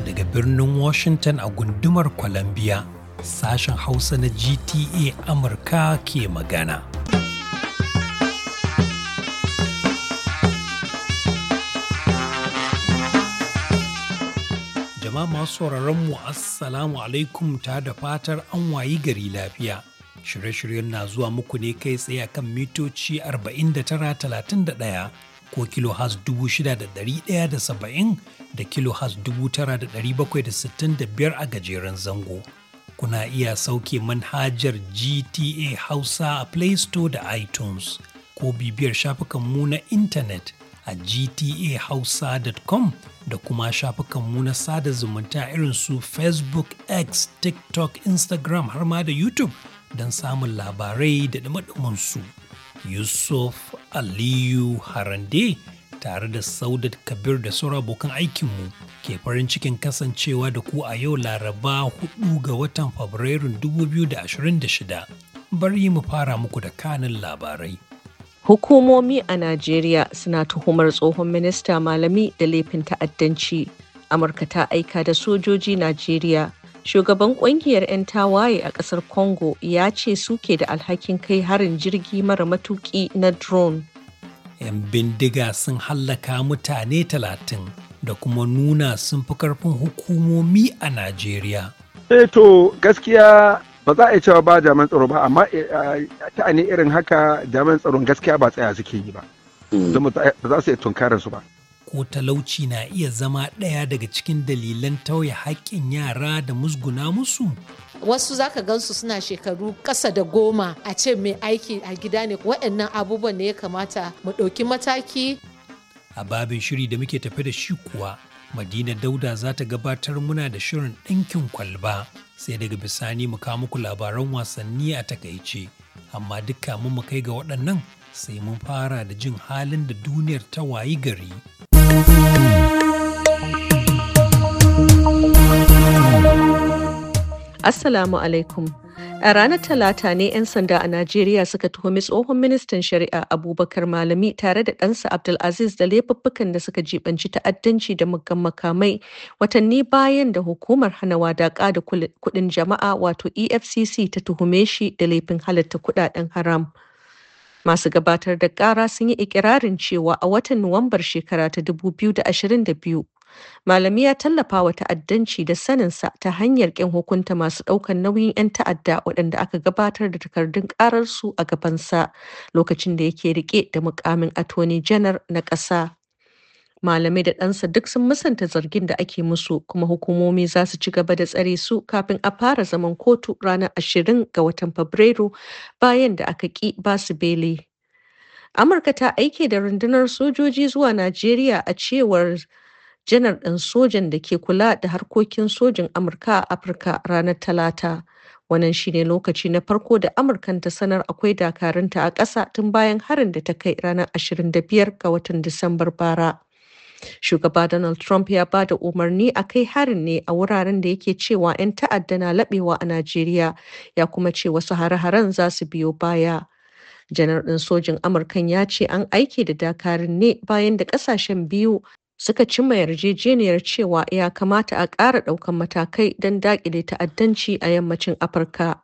Daga birnin Washington a gundumar Columbia, sashen Hausa na GTA Amurka ke magana. Jama'a masu mu Assalamu alaikum ta da fatar an wayi gari lafiya. Shirye-shiryen na zuwa muku ne kai tsaye kan mitoci 49.31 31 ko kilohas 6,170 da kilohas 9,765 a gajeren zango. Kuna iya sauke manhajar GTA Hausa a Play Store da iTunes ko bibiyar shafukanmu na intanet a gtahausa.com da kuma shafukan mu na sada zumunta irin su Facebook, X, TikTok, Instagram har ma da YouTube don samun labarai da su Yusuf Aliyu Harande tare da Saudat Kabir da sauran abokan aikinmu ke farin cikin kasancewa da ku a yau Laraba 4 ga watan Fabrairun 2026. Bari mu fara muku da kanin labarai. Hukumomi a Najeriya suna tuhumar tsohon minista malami da laifin ta'addanci. Amurka ta aika da sojoji Najeriya Shugaban kungiyar 'yan tawaye a ƙasar Congo ya ce suke da alhakin kai harin jirgi mara matuki na drone. 'Yan bindiga sun hallaka mutane talatin da kuma nuna sun fi karfin hukumomi a Najeriya. Eh to gaskiya ba za a yi cewa ba jaman tsaro ba amma ta eh, ta'ani irin haka jaman tsaron gaskiya ba tsaya suke yi ba. Mm. Ba za su yi ba. ko talauci na iya zama ɗaya daga cikin dalilan tauye haƙƙin yara da musguna musu? Wasu zaka gansu suna shekaru ƙasa da goma a ce mai aiki a gida ne waɗannan abubuwan ne ya kamata mu ɗauki mataki. A babin shiri da muke tafe da shi kuwa, Madina Dauda za ta gabatar muna da shirin ɗinkin kwalba, sai daga bisani mu kawo muku labaran wasanni a takaice, amma dukka mu kai ga waɗannan sai mun fara da jin halin da duniyar ta wayi gari. Assalamu alaikum. A ranar Talata ne 'yan sanda a Najeriya suka tuhumi tsohon ministan shari'a Abubakar Malami tare da ɗansa Abdulaziz da laifuffukan da suka jibanci ta'addanci da muggan makamai watanni bayan da hukumar hana wadaƙa da kuɗin jama'a wato EFCC ta tuhume shi da laifin halatta kuɗaɗen haram. Masu gabatar da ƙara sun yi ikirarin cewa a watan Nuwambar shekara ta biyu. malami ya tallafa wa ta'addanci da saninsa ta hanyar ƙin hukunta masu ɗaukar nauyin 'yan ta'adda waɗanda aka gabatar da takardun ƙararsu a gabansa lokacin da yake riƙe da mukamin atoni janar na ƙasa Malami da ɗansa duk sun musanta zargin da ake musu kuma hukumomi za su ci gaba da tsare su kafin a fara zaman kotu ranar ashirin ga watan fabrairu bayan da aka ƙi basu beli amurka ta aike da rundunar sojoji zuwa najeriya a cewar janar ɗin sojan da ke kula da harkokin sojin amurka a afirka ranar talata wannan shine lokaci na farko da amurkan ta sanar akwai dakarunta a ƙasa tun bayan harin da ta kai ranar 25 ga watan disambar bara shugaba donald trump ya ba da umarni a kai harin ne a wuraren da yake cewa 'yan ta'adda na laɓewa a najeriya ya kuma ce wasu hare-haren za su biyo baya janar ɗin sojin amurkan ya ce an aiki da dakarun ne bayan da ƙasashen biyu suka cimma yarjejeniyar cewa ya kamata a ƙara ɗaukan matakai don daƙile ta'addanci a yammacin Afirka.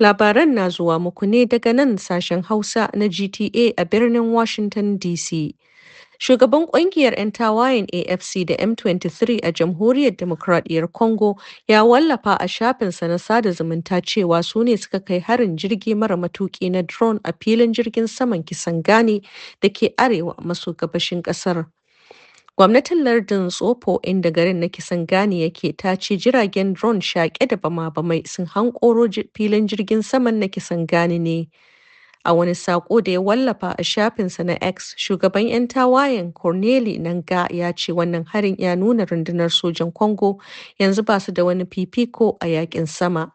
Labaran na zuwa muku ne daga nan sashen Hausa na GTA a birnin Washington DC. Shugaban ƙungiyar 'yan tawayen AFC da M23 a Jamhuriyar Demokradiyyar Congo ya wallafa a shafinsa na sada zumunta cewa su ne suka kai harin jirgi mara matuki na drone a filin jirgin saman Kisangani da ke arewa maso gabashin kasar. Gwamnatin Lardin Tsofo inda garin na gani yake ta ce jiragen drone shaƙe da bama-bamai sun hankoro filin jirgin saman na gani ne. A wani saƙo da ya wallafa a shafinsa na X, shugaban 'yan tawayen Corneli Nanga ya ce wannan harin ya nuna rundunar sojan Congo yanzu ba su da wani fifiko a yakin sama.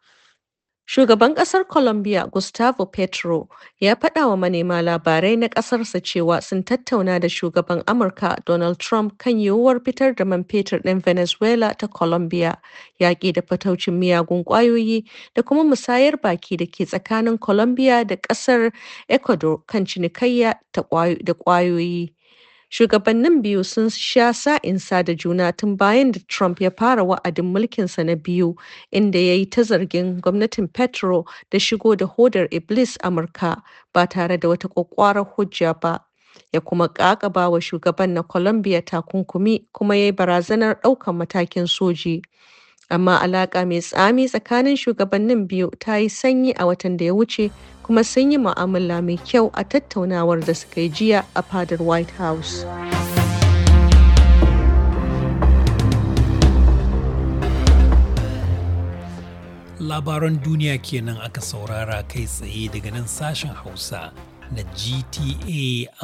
Shugaban ƙasar Colombia Gustavo Petro ya faɗa wa manema labarai na ƙasarsa cewa sun tattauna da shugaban Amurka Donald Trump kan yiwuwar fitar da man fetur ɗin Venezuela ta Colombia, yaƙi da fataucin miyagun ƙwayoyi da kuma musayar baki da ke tsakanin Colombia da ƙasar Ecuador kan cinikayya da ƙwayoyi. Shugabannin biyu sun sha sa'in da juna tun bayan da Trump ya fara wa'adin mulkinsa na biyu, inda ya yi ta zargin gwamnatin Petro da shigo da hodar Iblis Amurka ba tare da wata kwakwarar hujja ba. ya kuma kakaba wa shugaban na Colombia takunkumi kuma ya yi barazanar ɗaukan matakin soji. amma alaƙa mai tsami tsakanin shugabannin biyu ta yi sanyi a watan da ya wuce kuma sun yi mu'amala mai kyau a tattaunawar da suka yi jiya a fadar white house labaran duniya kenan aka saurara kai tsaye daga nan sashen hausa na gta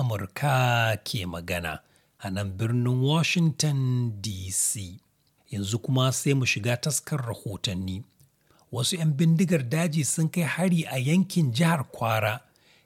amurka ke magana a nan birnin washington dc yanzu kuma sai mu shiga taskar rahotanni wasu 'yan bindigar daji sun kai hari a yankin jihar kwara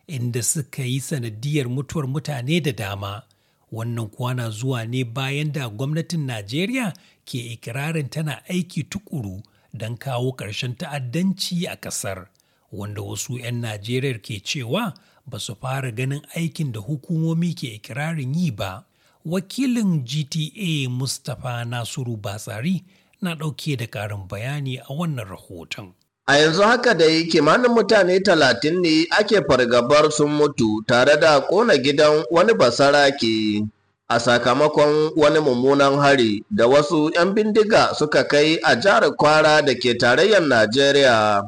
inda suka yi sanadiyar mutuwar mutane da dama wannan kwana zuwa ne bayan da gwamnatin najeriya ke ikirarin tana aiki tukuru don kawo ƙarshen ta'addanci a ƙasar wanda wasu 'yan najeriya ke cewa ba su fara ganin aikin da hukumomi ke ikirarin yi ba wakilin gta mustapha nasiru batsari na ɗauke da ƙarin bayani a wannan rahoton A yanzu haka da yi kimanin mutane talatin ne ake fargabar sun mutu tare da kona gidan wani basarake a sakamakon wani mummunan hari da wasu 'yan bindiga suka kai a jihar kwara da ke tarayyar Najeriya.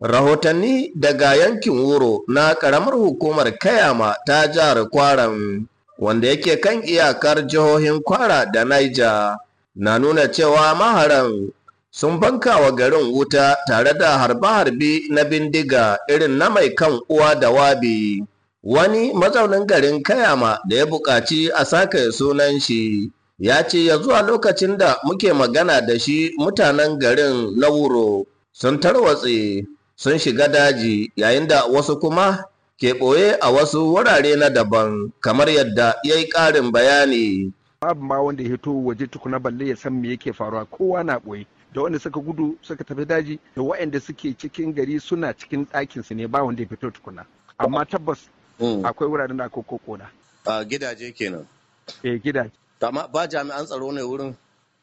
Rahotanni daga yankin wuro na ƙaramar hukumar Kayama ta jihar Kwaran wanda yake kan iyakar jihohin Kwara da Niger na nuna cewa maharan sun banka wa garin wuta tare da harbe-harbe na bindiga irin na mai kan uwa da wabi. Wani mazaunin garin Kayama da ya buƙaci a sake sunan shi ya ce ya zuwa lokacin da muke magana da shi mutanen garin na wuro sun tarwatse sun shiga daji yayin da wasu kuma ke ɓoye a wasu wurare na daban kamar yadda ya yi ƙarin bayani. Babu ma wanda ya hito waje tukuna balle ya san me yake faruwa kowa na ɓoye. da wanda suka gudu suka tafi daji da waɗanda suke cikin gari suna cikin ɗakin su ne ba wanda ya fito tukuna amma tabbas mm. akwai wurare na koko kokona a gidaje kenan eh gidaje amma ba jami'an tsaro ne wurin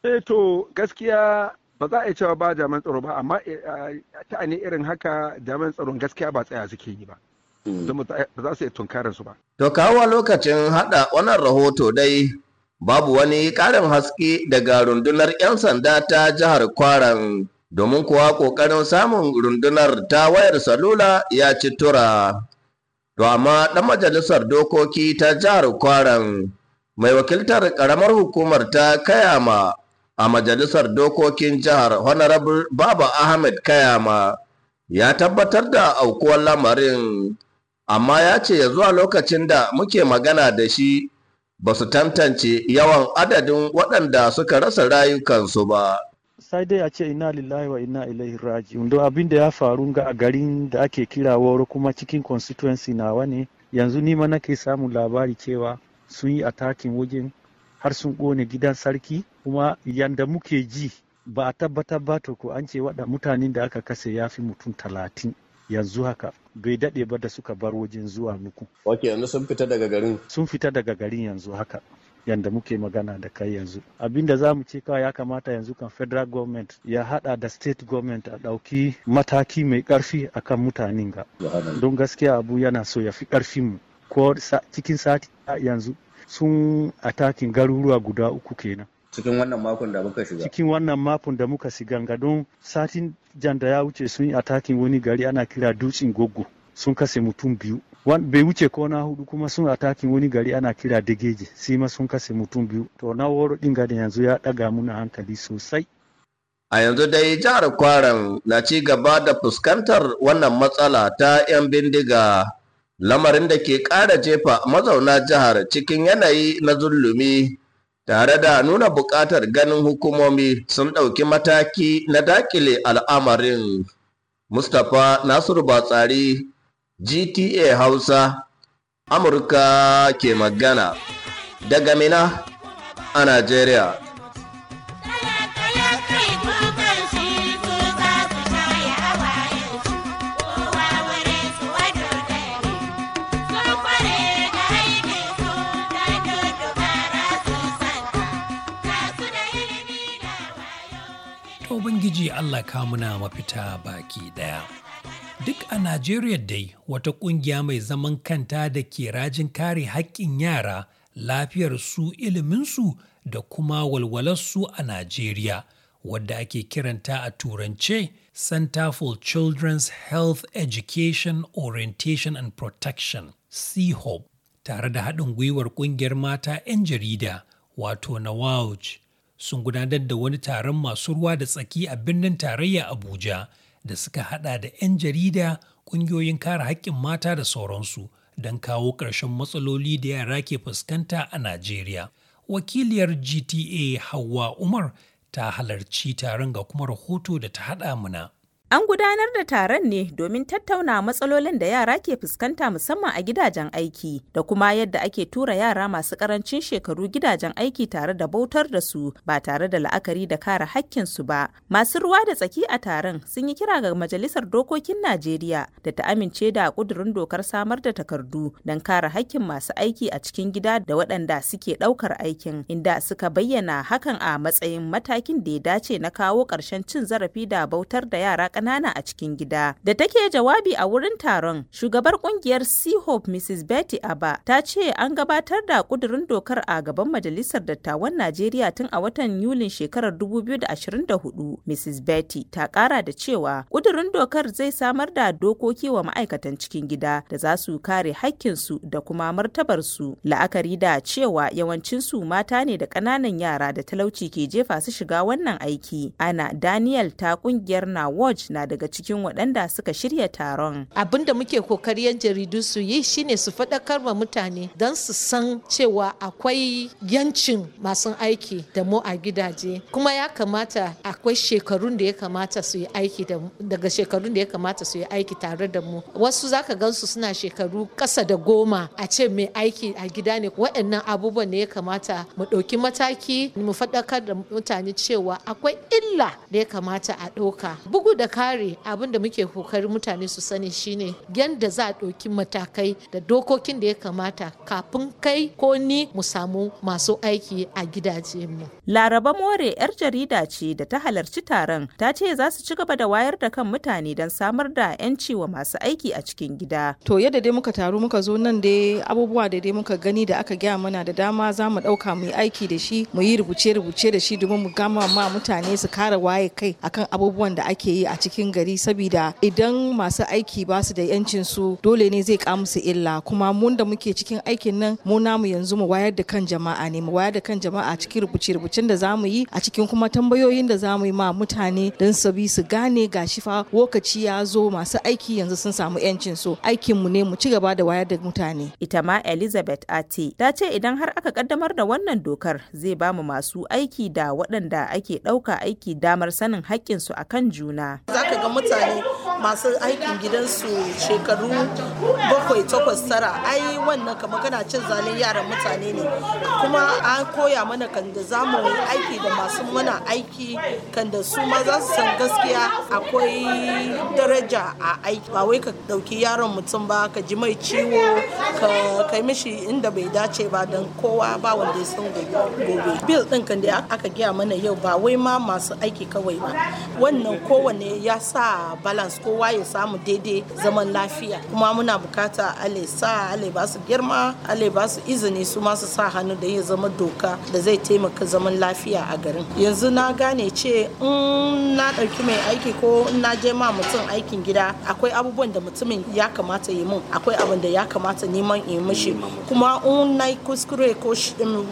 eh to gaskiya ba za a cewa ba jami'an tsaro ba amma eh, ta ne irin haka jami'an tsaron gaskiya ba tsaya suke yi ba Hmm. ba za su yi tunkarar su ba. To kawo lokacin haɗa wannan rahoto dai babu wani ƙarin haske daga rundunar 'yan sanda ta jihar Kwaran domin kuwa ƙoƙarin samun rundunar ta wayar salula ya ci tura. To amma ɗan majalisar dokoki ta jihar Kwaran mai wakiltar ƙaramar hukumar ta Kayama a majalisar dokokin jihar Honorable Baba Ahmed Kayama ya tabbatar da aukuwar lamarin amma ya ce ya zuwa lokacin da muke magana da shi ba su tantance yawan adadin waɗanda suka rasa rayukansu ba. sai dai a ce ina lillahi wa ina ilaihi Raji. don abin da ya faru ga a garin da ake kira woro kuma cikin constituency nawa ne yanzu ni ma nake samun labari cewa sun yi atakin wajen har sun ƙone gidan sarki kuma yanda muke ji ba a tabbatar ba to ko an ce waɗa mutanen da aka kase ya fi mutum talatin yanzu haka bai daɗe ba da suka bar wajen zuwa muku. Ok, yanzu sun fita daga garin? Sun fita daga garin yanzu haka. yanda muke magana da kai yanzu abinda za mu ce kawai ya kamata yanzu kan federal government ya hada da state government a dauki mataki mai karfi akan mutanen ga don gaskiya abu yana so ya fi karfin mu ko cikin sati yanzu sun atakin garuruwa guda uku kenan cikin wannan makon da muka shiga cikin wannan makon da muka shiga gadon satin jan da ya wuce sun yi atakin wani gari ana kira dutsen goggo sun kase mutum biyu bai wuce ko na hudu kuma sun atakin wani gari ana kira dageji sai ma sun kase mutum biyu to na woro din gadin yanzu ya daga muna hankali sosai A yanzu dai jihar Kwaran na ci gaba da fuskantar wannan matsala ta 'yan bindiga lamarin da ke ƙara jefa mazauna jihar cikin yanayi na zulumi tare da nuna buƙatar ganin hukumomi sun ɗauki mataki na dakile al'amarin. Mustapha Nasiru Batsari, GTA Hausa, Amurka ke magana, daga Mina a Najeriya. Ubangiji Allah kamuna mafita baki ɗaya. Duk a Najeriya dai wata ƙungiya mai zaman kanta da ke rajin kare haƙƙin yara lafiyar su, iliminsu da kuma walwalarsu a Najeriya wadda ake kiranta a turance Center for Children's Health Education Orientation and Protection CHOP tare da haɗin gwiwar ƙungiyar mata 'yan jarida wato na sun gudanar da wani taron masu ruwa da tsaki a birnin tarayya Abuja da suka hada da 'yan jarida, ƙungiyoyin kare haƙƙin mata da sauransu don kawo ƙarshen matsaloli da yara ke fuskanta a Najeriya. Wakiliyar GTA Hauwa Umar ta halarci taron ga kuma rahoto da ta haɗa mana An gudanar da taron ne domin tattauna matsalolin da yara ke fuskanta musamman a gidajen aiki da kuma yadda ake tura yara masu karancin shekaru gidajen aiki tare da bautar da su ba tare da la'akari da kare hakkinsu ba. Masu ruwa da tsaki a taron sun yi kira ga Majalisar Dokokin Najeriya da ta amince da kudurin dokar samar da takardu don kare hakkin masu aiki a cikin gida da waɗanda suke ɗaukar aikin inda suka bayyana hakan a matsayin matakin da ya dace na kawo ƙarshen cin zarafi da bautar da yara ƙanana a cikin gida. Da take jawabi a wurin taron, shugabar kungiyar Sea Hope Mrs. Betty Aba ta ce an gabatar da ƙudurin dokar a gaban Majalisar Dattawan Najeriya tun a watan Yulin shekarar 2024. Mrs. Betty ta ƙara da cewa ƙudurin dokar zai samar da dokoki wa ma'aikatan cikin gida da za su kare haƙƙinsu da kuma martabarsu la'akari da cewa yawancinsu mata ne da ƙananan yara da talauci ke jefa su shiga wannan aiki. Ana Daniel ta ƙungiyar na Watch na daga cikin waɗanda suka shirya taron. Abin da muke kokari yan jaridu su yi shine su faɗakar ma mutane don su san cewa akwai yancin masu aiki da mu a gidaje kuma ya kamata akwai shekarun da ya kamata su yi aiki daga shekarun da ya kamata su yi aiki tare da mu wasu zaka gansu suna shekaru ƙasa da goma a ce mai aiki a gida ne waɗannan abubuwan ne ya kamata mu ɗauki mataki mu faɗakar da mutane cewa akwai illa da ya kamata a ɗauka bugu da kare abin da muke kokari mutane su sani shine yadda za a ɗauki matakai da dokokin da ya kamata kafin kai ko ni mu samu masu aiki a gidaje mu. Laraba More 'yar jarida ce da ta halarci taron ta ce za su ci gaba da wayar da kan mutane don samar da 'yanci wa masu aiki a cikin gida. To yadda dai muka taru muka zo nan dai abubuwa da dai muka gani da aka gaya mana da dama za mu ɗauka mu yi aiki da shi mu yi rubuce-rubuce da shi domin mu gama ma mutane su kara waye kai akan abubuwan da ake yi a cikin gari saboda idan masu aiki ba su da yancin su dole ne zai musu illa kuma mun da muke cikin aikin nan mu namu yanzu mu wayar da kan jama'a ne mu wayar da kan jama'a cikin rubuce-rubucen da za mu yi a cikin kuma tambayoyin da za mu yi ma mutane don su bi su gane gashi fa lokaci ya zo masu aiki yanzu sun samu yancin su aikin mu ne mu ci gaba da wayar da mutane ita ma Elizabeth Ate ta ce idan har aka kaddamar da wannan dokar zai ba mu masu aiki da waɗanda ake ɗauka aiki damar sanin haƙƙinsu akan juna. zaka ga mutane masu aikin gidansu shekaru bakwai takwas tara ai wannan kama kana cin zalin yaran mutane ne kuma an koya mana kan da za mu aiki da masu mana aiki kan da su ma za su san gaskiya akwai daraja a aiki ba wai ka dauki yaron mutum ba ka ji mai ciwo ka mishi inda bai dace ba don kowa ba wanda ya san gobe bil din kan da aka gaya mana yau ba wai ma masu aiki kawai ba wannan kowane ya sa balance kowa ya samu daidai zaman lafiya kuma muna bukata ale sa ale ba su girma ale ba su izini su masu sa hannu da ya zama doka da zai taimaka zaman lafiya a garin yanzu na gane ce in na ɗauki mai aiki ko in na je ma mutum aikin gida akwai abubuwan da mutumin ya kamata yi mun akwai abin da ya kamata neman in mishi kuma in na kuskure ko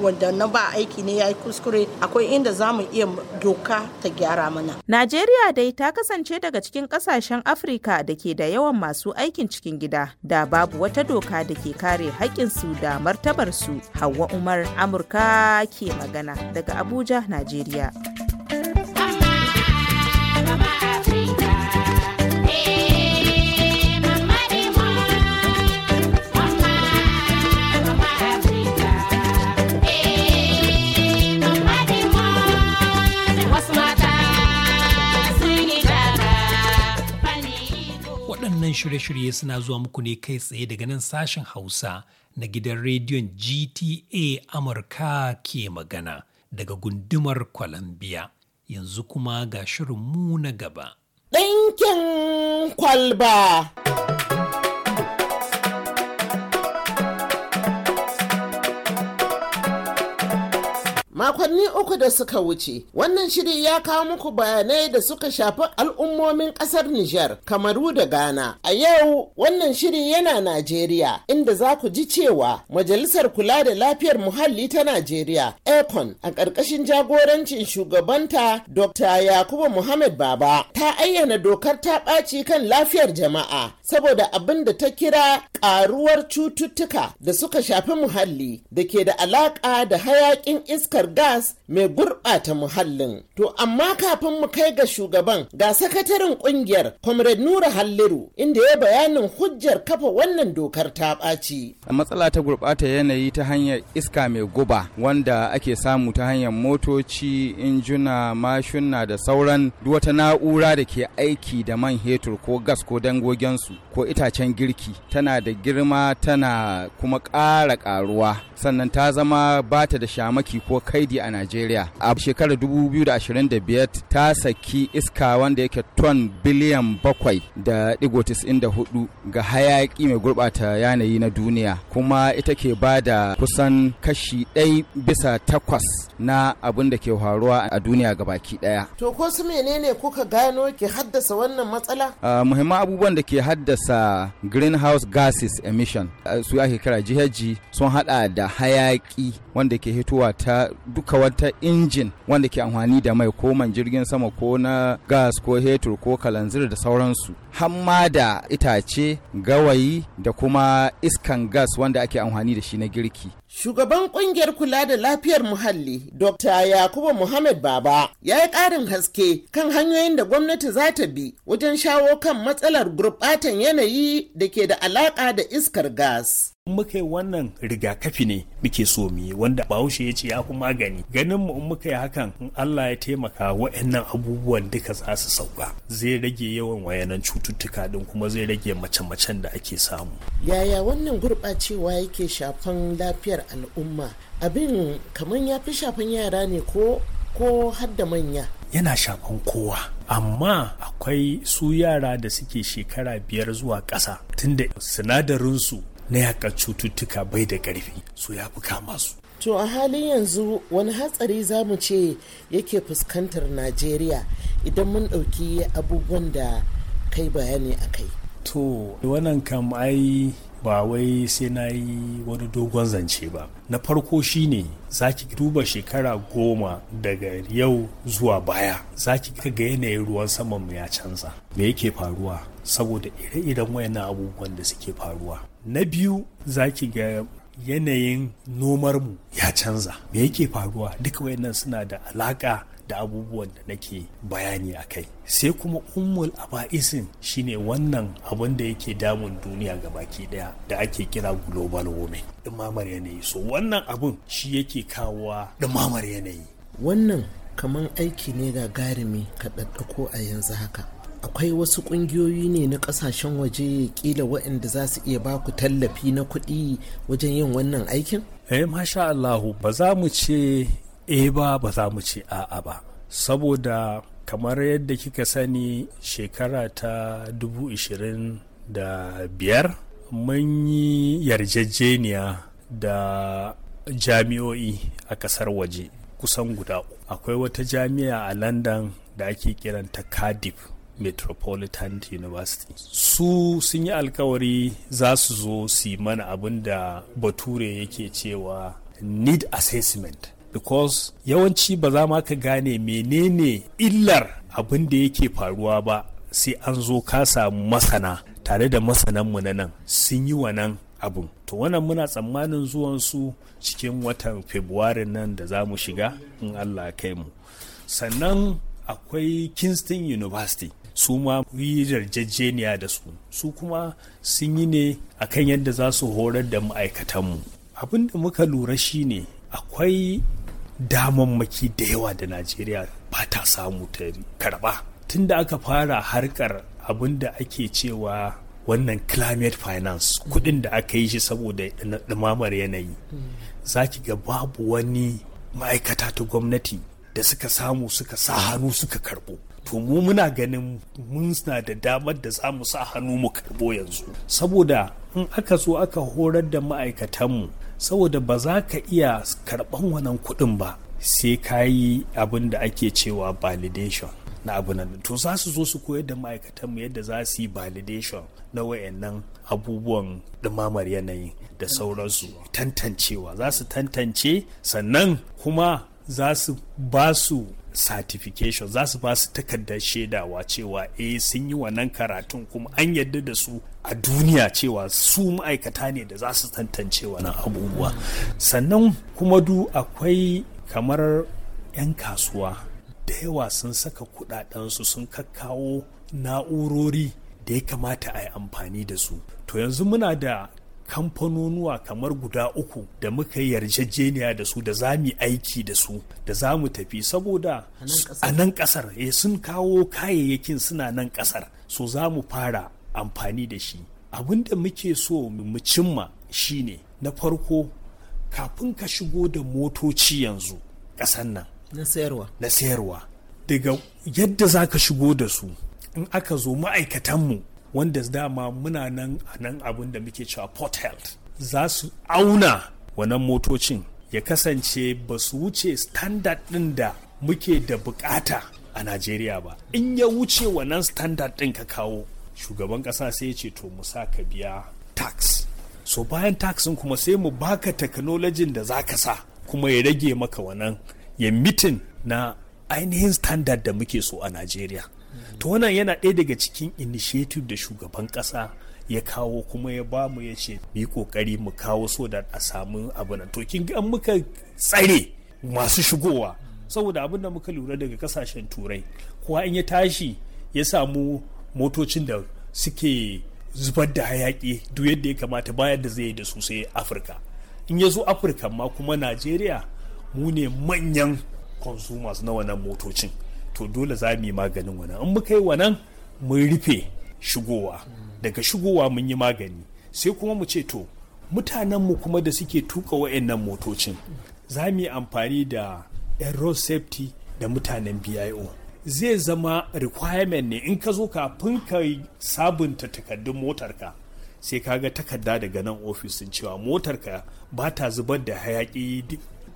wanda na ba aiki ne ya yi kuskure akwai inda zamu iya doka ta gyara mana najeriya dai ta kasance kasance daga cikin kasashen Afirka da ke da yawan masu aikin cikin gida da babu wata doka da ke kare haƙƙinsu da martabarsu. Hauwa Umar Amurka ke magana daga Abuja, Najeriya. Waɗannan shirye-shirye suna zuwa muku ne kai tsaye daga nan sashen Hausa na gidan rediyon GTA Amurka ke magana daga gundumar Columbia. Yanzu kuma ga shirinmu na gaba. Ɗinkin kwalba. makonni uku da suka wuce wannan shiri ya kawo muku bayanai da suka shafi al'ummomin kasar Nijar, Kamaru da Ghana. A yau wannan shiri yana Najeriya inda za ku ji cewa Majalisar Kula da Lafiyar Muhalli ta Najeriya ECON a ƙarƙashin jagorancin shugabanta Dr. Yakubu Muhammad Baba ta ayyana dokar ta ɓaci kan lafiyar jama'a saboda abin da ta kira ƙaruwar cututtuka da suka shafi muhalli da ke da alaƙa da hayaƙin iskar gas mai gurɓata muhallin. To amma kafin mu kai ga shugaban ga sakataren ƙungiyar Comrade Nura Halliru inda ya bayanin hujjar kafa wannan dokar ta ɓaci. Matsala ta gurɓata yanayi ta hanyar iska mai guba wanda ake samu ta hanyar motoci, injuna, mashuna da sauran wata na'ura da ke aiki da man hetur ko gas ko dangogensu ko itacen girki tana da girma tana kuma ƙara ƙaruwa sannan ta zama bata da shamaki ko kai Saidi a Najeriya. A shekarar 2025 ta saki iska wanda yake ton biliyan bakwai da digo hudu ga hayaƙi mai gurɓata yanayi na duniya kuma ita ke ba da kusan kashi ɗai bisa takwas na abin da ke faruwa a duniya baki ɗaya. To ko su menene kuka gano ke haddasa wannan matsala? muhimman abubuwan da ke haddasa greenhouse gases emission su ake kira GHG sun haɗa da hayaƙi wanda ke hitowa ta duka wata injin wanda ke amfani da mai ko man jirgin sama ko na gas ko hetur ko kalanzir da sauransu hamma da itace gawayi da kuma iskan gas wanda ake amfani da shi na girki shugaban kungiyar kula da lafiyar muhalli dr yakubu muhammad baba ya yi ƙarin haske kan hanyoyin da gwamnati za ta bi wajen shawo kan matsalar gurɓatan yanayi da ke da alaƙa da iskar gas muka yi wannan rigakafi ne muke so mu yi wanda bahaushe ya ce ya fi magani ganin mu in muka yi hakan in Allah ya taimaka wa'annan abubuwan duka za su sauka zai rage yawan wayanan cututtuka din kuma zai rage mace-macen da ake samu yaya wannan gurɓacewa yake shafan lafiyar al'umma abin kamar ya fi shafan yara ne ko ko har da manya yana shafan kowa amma akwai su yara da suke shekara biyar zuwa ƙasa tunda sinadarinsu na yakar cututtuka bai da ƙarfi su ya fi kama su to a halin yanzu wani hatsari za mu ce yake fuskantar najeriya idan mun ɗauki abubuwan da kai bayani a kai to wannan kam ai ba wai sai na yi wani dogon zance ba na farko shi ne za ki duba shekara goma daga yau zuwa baya za ki ga yanayin ruwan saman mu ya canza me yake faruwa saboda ire-iren wayannan abubuwan da suke faruwa na biyu za ki ga yanayin nomarmu ya canza me yake faruwa duka wayannan suna da alaka da abubuwan da nake bayani a kai sai kuma ummul aba'isin shine wannan abun da yake damun duniya ga baki daya da ake kira global warming dumamar yanayi so wannan abun shi yake kawowa dumamar yanayi wannan kaman aiki ne ga garimi ka a yanzu haka akwai wasu ƙungiyoyi ne na kasashen waje kila waɗanda za su iya baku tallafi na kuɗi wajen yin wannan aikin? eh masha Allahu ba za mu ce e ba ba za mu ce a'a ba saboda kamar yadda kika sani shekara ta dubu ishirin da biyar mun yi yarjejeniya da jami'o'i a kasar waje kusan guda akwai wata jami'a a landan da ake kiranta cardiff metropolitan university su sun yi alkawari za su zo su mana abin da bature yake cewa need assessment because yawanci ba za ma ka gane menene illar abin da yake faruwa ba sai an zo ka samu masana tare da masananmu na nan sun yi wa nan abin to wannan muna tsammanin zuwansu cikin watan february nan da za mu shiga in allah kai mu sannan akwai kingston university su ma yi yarjejeniya da su su kuma sun yi ne akan yadda za su horar da ma'aikatanmu abin da muka lura shi ne. akwai damammaki da yawa da najeriya ba ta samu ta karba tun da aka fara harkar abin da ake cewa wannan climate finance kudin da aka yi shi saboda ɗumamar yanayi za ki ga babu wani ma'aikata ta gwamnati da suka samu suka sa hannu suka karbo to mu muna ganin mun suna da damar da za mu sa hannu mu karbo yanzu saboda in aka so aka horar da ma'aikatanmu saboda ba za ka iya karban wannan kuɗin ba sai ka yi abin da ake cewa validation na abu nan to za su zo su koyar da ma'aikatanmu yadda za su yi validation na wayannan abubuwan ɗumamar yanayi da sauransu tantancewa za su tantance sannan kuma za su ba su certification za su ba su takardar shaidawa cewa eh sun yi wannan karatun kuma an yadda da su a duniya cewa su ma'aikata ne da za su tantance wannan abubuwa sannan kuma du akwai kamar 'yan kasuwa da yawa sun saka su sun kakkawo na'urori da ya kamata a yi amfani da su to yanzu muna da kamfanonuwa kamar guda uku da muka yi yarjejeniya da su da za mu aiki da su da za mu tafi saboda a nan kasar e, eh, sun kawo kayayyakin suna nan kasar so za mu fara amfani da shi abin da muke so mu cimma shine na farko kafin ka shigo da motoci yanzu kasan nan na sayarwa daga yadda za ka shigo da su in aka zo ma'aikatanmu wanda dama muna nan a nan abin da muke cewa port health za su auna wannan motocin ya kasance ba su wuce standard ɗin da muke da bukata a najeriya ba in ya wuce wannan standard ɗin ka kawo shugaban ƙasa sai ya ce to mu sa ka biya tax so bayan taxin kuma sai mu baka technology da za ka sa kuma ya rage maka wannan ya mitin na ainihin standard da muke so a najeriya to wannan yana ɗaya daga cikin initiative da shugaban ƙasa ya kawo kuma ya ba mu ya ce mu yi kokari mu kawo so da a samu abu nan to kin ga muka tsare masu shigowa saboda abin da muka lura daga kasashen turai kowa in ya tashi ya samu motocin da suke zubar da hayaƙi duk yadda ya kamata bayan da zai yi da su sai afirka in ya zo afirka ma kuma najeriya mu ne manyan consumers na wannan motocin to dole za mu yi maganin wannan in muka yi wannan mun rufe shigowa daga shigowa mun yi magani sai kuma mu ce to mu kuma da suke tuka wa'annan motocin za mu yi amfani da road safety da mutanen bio zai zama requirement ne in ka zo kafin ka sabunta takardun motarka sai ka ga takarda daga nan ofisin cewa motarka ba ta zubar da hayaki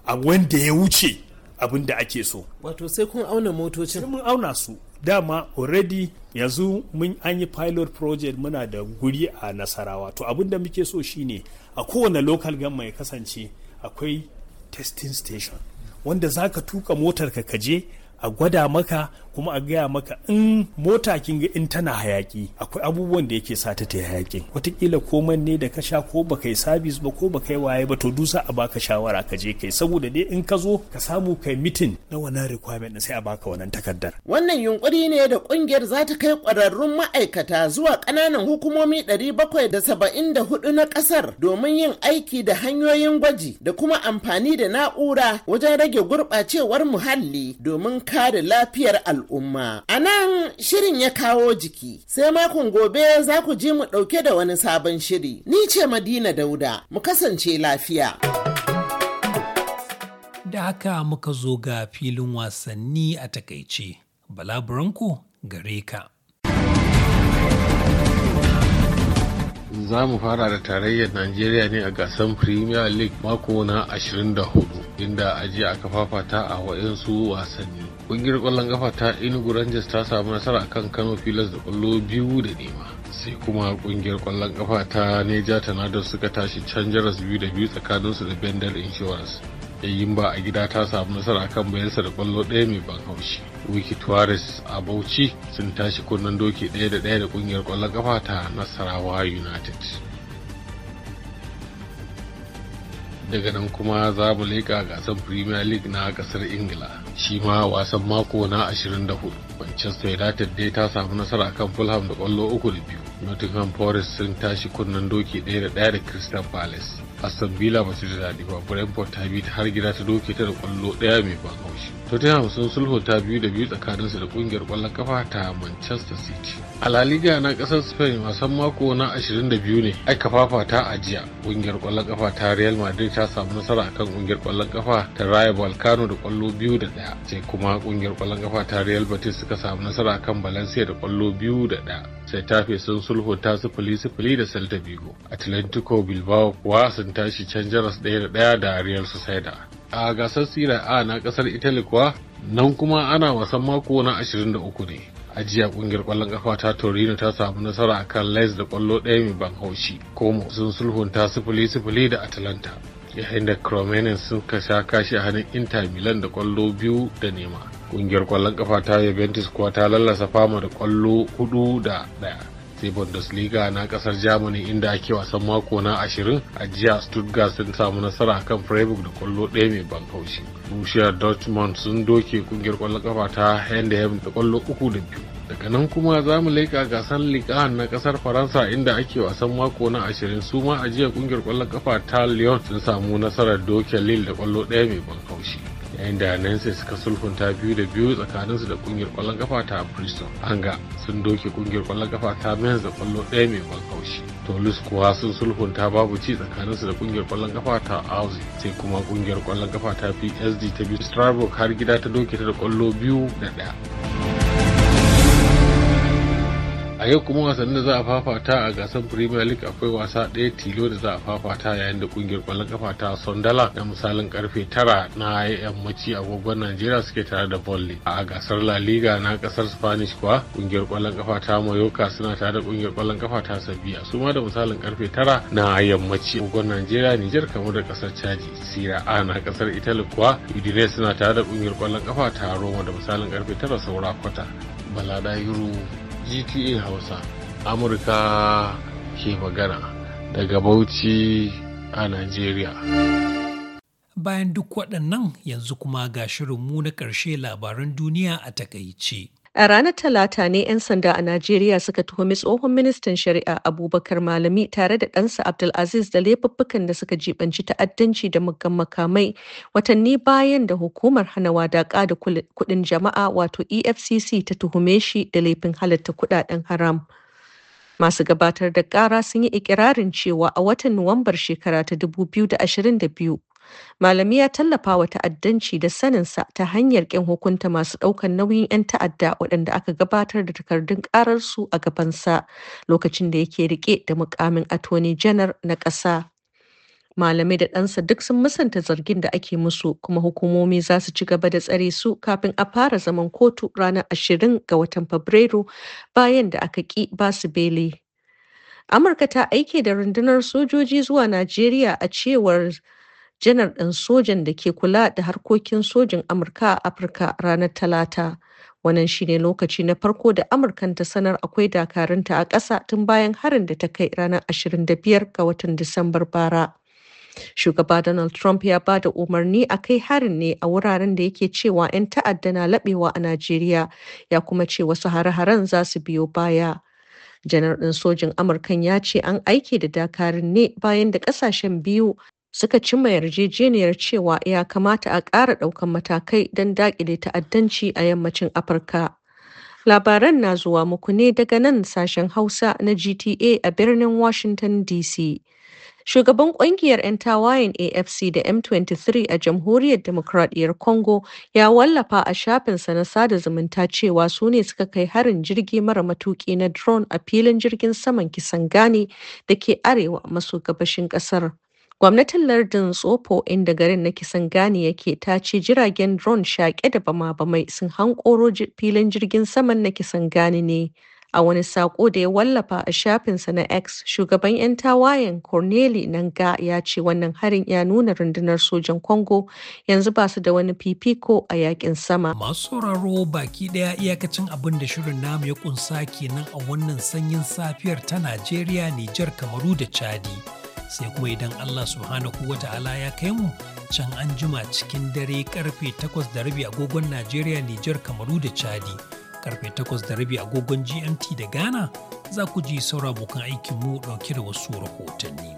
a wanda ya wuce abin da ake so wato sai kun auna motocin mun auna su dama already yanzu mun an yi pilot project muna da guri a nasarawa to abin da muke so shine a kowane local gamma ya kasance akwai testing station wanda za ka tuka motar ka kaje a gwada maka kuma a gaya maka in mota kin ga in tana hayaki akwai abubuwan da yake sa ta ta hayakin watakila man ne da ka sha ko ba kai sabis ba ko ba kai waye ba to dusa a baka shawara ka je kai saboda dai in ka zo ka samu kai mitin na wannan requirement sai a baka wannan takardar wannan yunkuri ne da kungiyar za ta kai kwararrun ma'aikata zuwa kananan hukumomi 774 na ƙasar domin yin aiki da hanyoyin gwaji da kuma amfani da na'ura wajen rage gurɓacewar muhalli domin kare lafiyar al'umma. A nan shirin ya kawo jiki, sai makon gobe za ku ji mu ɗauke da wani sabon shiri. Ni ce Madina Dauda, mu kasance lafiya. Da haka muka zo ga filin wasanni a takaice. Bala Branko gare ka. za mu fara da tarayyar Najeriya ne a gasar Premier League mako na 24 inda aji aka fafata a waɗansu wasanni. kungiyar kwallon kafa ta inugu rangers ta samu nasara akan kano filas da kwallo biyu da nema sai kuma kungiyar kwallon kafa ta neja tanadar suka tashi canjaras biyu da biyu tsakanin su da bendel insurance yayin ba a gida ta samu nasara akan bayansa da kwallo ɗaya mai ban haushi wiki a bauchi sun tashi kunnen doki ɗaya da ɗaya da kungiyar kwallon kafa ta nasarawa united daga nan kuma za mu leƙa gasar premier league na ƙasar ingila shi ma wasan mako na 24 Manchester United dai ta samu nasara akan Fulham da kwallo uku da biyu. Nottingham Forest sun tashi kunnen doki ɗaya da ɗaya da Crystal Palace. Aston Villa ba su da daɗi ba, Brentford ta bi ta har gida ta doke ta da kwallo ɗaya mai ban haushi. Tottenham sun sulhunta biyu da biyu tsakaninsu da kungiyar kwallon kafa ta Manchester City. A La Liga na ƙasar Spain wasan mako na 22 ne aka fafata a jiya. kungiyar kwallon kafa ta Real Madrid ta samu nasara akan kungiyar kwallon kafa ta Rayo Vallecano da kwallo biyu da ɗaya. Sai kuma kungiyar kwallon kafa ta Real Betis suka samu nasara kan Valencia da kwallo biyu da ɗaya. Sai sun sulhuta sifili sifili da Celta Vigo. Atlantico Bilbao kuwa sun tashi can jaras ɗaya da ɗaya da Real Sociedad. A gasar Sira A na ƙasar Italy kuwa nan kuma ana wasan mako na ashirin da uku ne. ajiya kungiyar kwallon kafa ta torino ta samu nasara a kan Lens da kwallo ɗaya mai ban haushi komo sun sulhunta sifili sifili da atalanta yayin da Cromanian sun sha kashi a hannun Inter Milan da kwallo biyu da nema. kungiyar kwallon kafa ta juventus kuwa ta lallasa fama da kwallo hudu da daya sai bundesliga na kasar germany inda ake wasan mako na ashirin a jiya stuttgart sun samu nasara kan freiburg da kwallo ɗaya mai ban kaushi russia dortmund sun doke kungiyar kwallon kafa ta hendham da kwallo uku da biyu daga nan kuma za mu leƙa gasar ligan na kasar faransa inda ake wasan mako na ashirin su ma a jiya kungiyar kwallon kafa ta lyon sun samu nasarar doke lille da kwallo ɗaya mai ban kaushi yayin da nancy suka sulhunta biyu da biyu tsakaninsu da kungiyar kwallon kafa ta bristol hanga sun doke kungiyar kwallon kafa ta men's da kwallo ɗaya mai ban haushi tolus kuwa sun sulhunta babu ci tsakaninsu da kungiyar kwallon kafa ta auzi sai kuma kungiyar kwallon kafa ta psd ta biyu strasbourg har gida ta doke ta da kwallo biyu da ɗaya a yau kuma wasannin da za a fafata a gasar premier league akwai wasa ɗaya tilo da za a fafata yayin da kungiyar kwallon kafa ta sondala da misalin karfe tara na yammaci agogon najeriya suke tare da volley a gasar la liga na kasar spanish kuwa kungiyar kwallon kafa ta mayoka suna tare da kungiyar kwallon kafa ta sabiya su ma da misalin karfe tara na yammaci agogon najeriya nijar kamar da kasar chaji sira a na kasar italy kuwa udine suna tare da kungiyar kwallon kafa ta roma da misalin karfe tara saura kwata balada yuru gta hausa amurka ke magana daga bauchi a nigeria bayan duk waɗannan yanzu kuma ga shirinmu na ƙarshe labaran duniya a takaice. A ranar Talata ne 'yan sanda a Najeriya suka tuhumi tsohon ministan shari'a Abubakar Malami tare da ɗansa Abdulaziz da laifuffukan da suka jibanci ta'addanci da muggan makamai watanni bayan da hukumar hana wadaƙa da kuɗin jama'a wato EFCC ta tuhume shi da laifin halatta kuɗaɗen haram. Masu gabatar da ƙara sun yi ikirarin cewa a watan Nuwambar shekara ta 2022 malami ya tallafa wa ta'addanci da saninsa ta hanyar ƙin hukunta masu ɗaukar nauyin 'yan ta'adda waɗanda aka gabatar da takardun ƙararsu a gabansa lokacin da yake riƙe da mukamin atoni janar na ƙasa malamai da ɗansa duk sun musanta zargin da ake musu kuma hukumomi za su ci gaba da tsare su kafin a fara zaman kotu ranar ashirin ga watan fabrairu bayan da aka ƙi basu beli amurka ta aike da rundunar sojoji zuwa najeriya a cewar janar ɗin sojan da ke kula da harkokin sojin amurka a afirka ranar talata wannan shine lokaci na farko da amurkan ta sanar akwai dakarunta a ƙasa tun bayan harin da ta kai ranar 25 ga watan disambar bara shugaba donald trump ya ba da umarni a kai harin ne a wuraren da yake cewa 'yan ta'adda na laɓewa a najeriya ya kuma ce wasu hare-haren za su biyo baya janar ɗin sojin amurkan ya ce an aiki da dakarun ne bayan da ƙasashen biyu suka cimma yarjejeniyar cewa ya kamata a ƙara ɗaukan matakai don daƙile ta'addanci a yammacin Afirka. Labaran na zuwa muku ne daga nan sashen Hausa na GTA a birnin Washington DC. Shugaban ƙungiyar 'yan tawayen AFC da M23 a Jamhuriyar Demokradiyyar Congo ya wallafa a shafinsa na sada zumunta cewa su ne suka kai harin jirgi mara matuƙi na drone a filin jirgin saman kisan Kisangani da ke arewa maso gabashin ƙasar. Gwamnatin lardin Tsopo inda garin na kisan gani yake ta ce jiragen drone shaƙe da bama-bamai sun hankoro filin jirgin saman na kisan gani ne. A wani saƙo da ya wallafa a shafinsa na X, shugaban 'yan tawayen Corneli ga ya ce wannan harin ya nuna rundunar sojan Congo yanzu ba su da wani fifiko a yakin sama. Masu sauraro baki daya iyakacin abin da shirin namu ya kunsa kenan a wannan sanyin safiyar ta Najeriya, Nijar, Kamaru da Chadi. sai kuma idan Allah subhanahu wa ta'ala ya kai mu can an jima cikin dare karfe takwas da rabi agogon Najeriya Nijar Kamaru da Chadi karfe takwas da rabi agogon GMT da Ghana za ku ji saura abokan aikin mu dauke da wasu rahotanni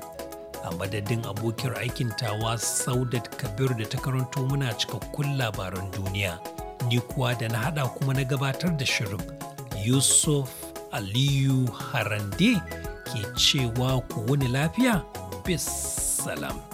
a madadin abokiyar aikin tawa Saudat Kabir da ta karanto muna cikakkun labaran duniya ni kuwa da na hada kuma na gabatar da shirin Yusuf Aliyu Harande ke cewa ku wuni lafiya bis salam